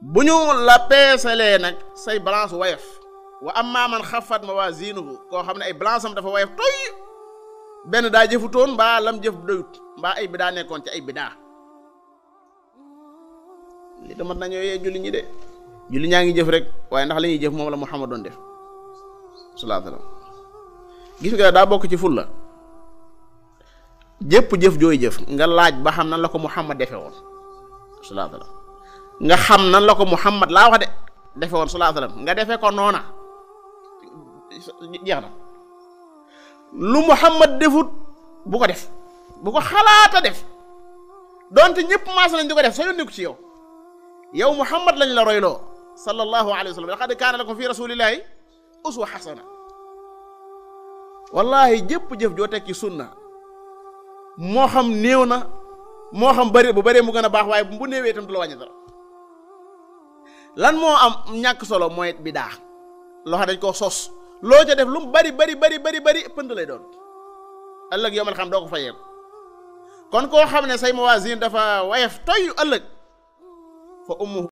bu ñu la peesalee nag say balance wayef wa amma man xafat mawazinuhu koo xam ne ay balance am dafa wayef toy benn daa jëfutoon mbaa lam jëf doyut mbaa ay bidaa nekkoon ci ay bidaa li dama nañoo yee julli ñi de julli ñaa ngi jëf rek waaye ndax la jëf moom la Muhammad doon def sallallahu nga daa bokk ci fulla jëf jooy jëf nga laaj ba xam nan la ko Muhammad defe woon sallallahu alayhi wasallam nga xam nan la ko Muhammad laa wax de defe woon sallallahu alayhi wasallam nga defe ko noona jeex na lu Muhammad defut bu ko def bu ko xalaata def donte ñëpp maas nañ di ko def soo yónni ko yow yow Muhammad lañ la royloo sallallahu alayhi wa sallam laqad kaana lakum fi rasulillahi jëpp jëf joo teg ci sunna moo xam néew na moo xam bëri bu bëree mu gën a baax waaye bu néewee itam du la wàññi dara lan moo am ñàkk solo mooy bidaa loo xam dañ ko sos loo ca def lu mu bari bari bari bari bari pënd lay doon ëllëg yomal xam doo ko fa ko kon koo xam ne say mawasin dafa wayef toyyu ëllëg fa ummuhu